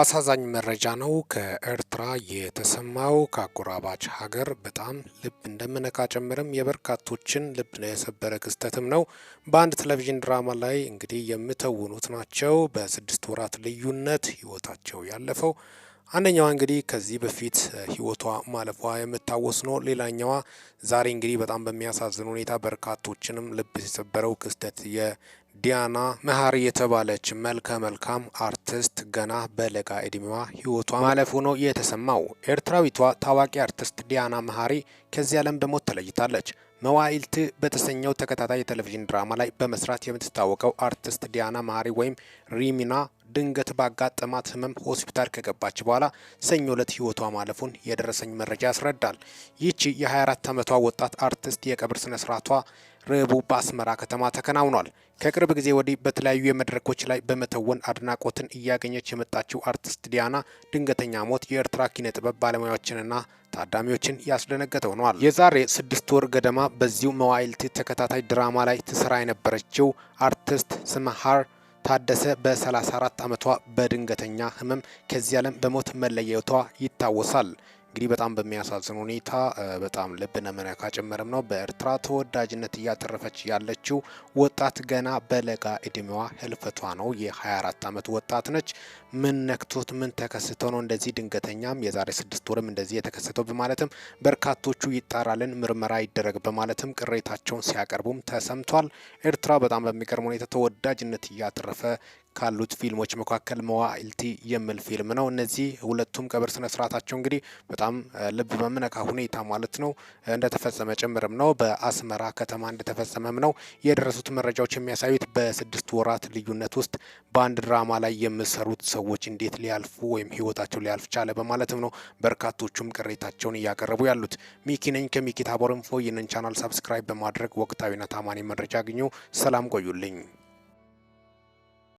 አሳዛኝ መረጃ ነው ከኤርትራ የተሰማው ከአጎራባች ሀገር በጣም ልብ እንደምነካ ጨምርም የበርካቶችን ልብ የሰበረ ክስተትም ነው። በአንድ ቴሌቪዥን ድራማ ላይ እንግዲህ የምተውኑት ናቸው። በስድስት ወራት ልዩነት ህይወታቸው ያለፈው አንደኛዋ እንግዲህ ከዚህ በፊት ህይወቷ ማለፏ የምታወስ ነው። ሌላኛዋ ዛሬ እንግዲህ በጣም በሚያሳዝን ሁኔታ በርካቶችንም ልብ የሰበረው ክስተት የዲያና መሀሪ የተባለች መልከ መልካም አር አርቲስት ገና በለጋ እድሜዋ ሕይወቷ ማለፉ ነው የተሰማው። ኤርትራዊቷ ታዋቂ አርቲስት ዲያና መሀሪ ከዚህ ዓለም በሞት ተለይታለች። መዋዕልት በተሰኘው ተከታታይ የቴሌቪዥን ድራማ ላይ በመስራት የምትታወቀው አርቲስት ዲያና መሀሪ ወይም ሪሚና ድንገት ባጋጠማት ህመም ሆስፒታል ከገባች በኋላ ሰኞ ዕለት ህይወቷ ማለፉን የደረሰኝ መረጃ ያስረዳል። ይቺ የ24 ዓመቷ ወጣት አርቲስት የቀብር ስነ ስርዓቷ ረቡዕ በአስመራ ከተማ ተከናውኗል። ከቅርብ ጊዜ ወዲህ በተለያዩ የመድረኮች ላይ በመተወን አድናቆትን እያገኘች የመጣችው አርቲስት ዲያና ድንገተኛ ሞት የኤርትራ ኪነ ጥበብ ባለሙያዎችንና ታዳሚዎችን ያስደነገጠ ሆኗል። የዛሬ ስድስት ወር ገደማ በዚሁ መዋዕልት ተከታታይ ድራማ ላይ ትሰራ የነበረችው አርቲስት ስምሃር ታደሰ በ34 ዓመቷ በድንገተኛ ህመም ከዚህ ዓለም በሞት መለየቷ ይታወሳል። እንግዲህ በጣም በሚያሳዝን ሁኔታ በጣም ልብነ መነካ ካጨመረም ነው። በኤርትራ ተወዳጅነት እያተረፈች ያለችው ወጣት ገና በለጋ እድሜዋ ህልፈቷ ነው። የ24 ዓመት ወጣት ነች። ምን ነክቶት ምን ተከስተው ነው እንደዚህ ድንገተኛም የዛሬ ስድስት ወርም እንደዚህ የተከሰተው በማለትም በርካቶቹ ይጣራልን ምርመራ ይደረግ በማለትም ቅሬታቸውን ሲያቀርቡም ተሰምቷል። ኤርትራ በጣም በሚገርም ሁኔታ ተወዳጅነት እያተረፈ ካሉት ፊልሞች መካከል መዋዕልቲ የሚል ፊልም ነው። እነዚህ ሁለቱም ቀብር ስነ ስርዓታቸው እንግዲህ በጣም ልብ በምነካ ሁኔታ ማለት ነው እንደተፈጸመ ጭምርም ነው። በአስመራ ከተማ እንደተፈጸመም ነው የደረሱት መረጃዎች የሚያሳዩት። በስድስት ወራት ልዩነት ውስጥ በአንድ ድራማ ላይ የሚሰሩት ሰዎች እንዴት ሊያልፉ ወይም ህይወታቸው ሊያልፍ ቻለ በማለትም ነው በርካቶቹም ቅሬታቸውን እያቀረቡ ያሉት። ሚኪ ነኝ ከሚኪ ታቦር ኢንፎ። ይህንን ቻናል ሰብስክራይብ በማድረግ ወቅታዊና ታማኒ መረጃ አግኙ። ሰላም ቆዩልኝ።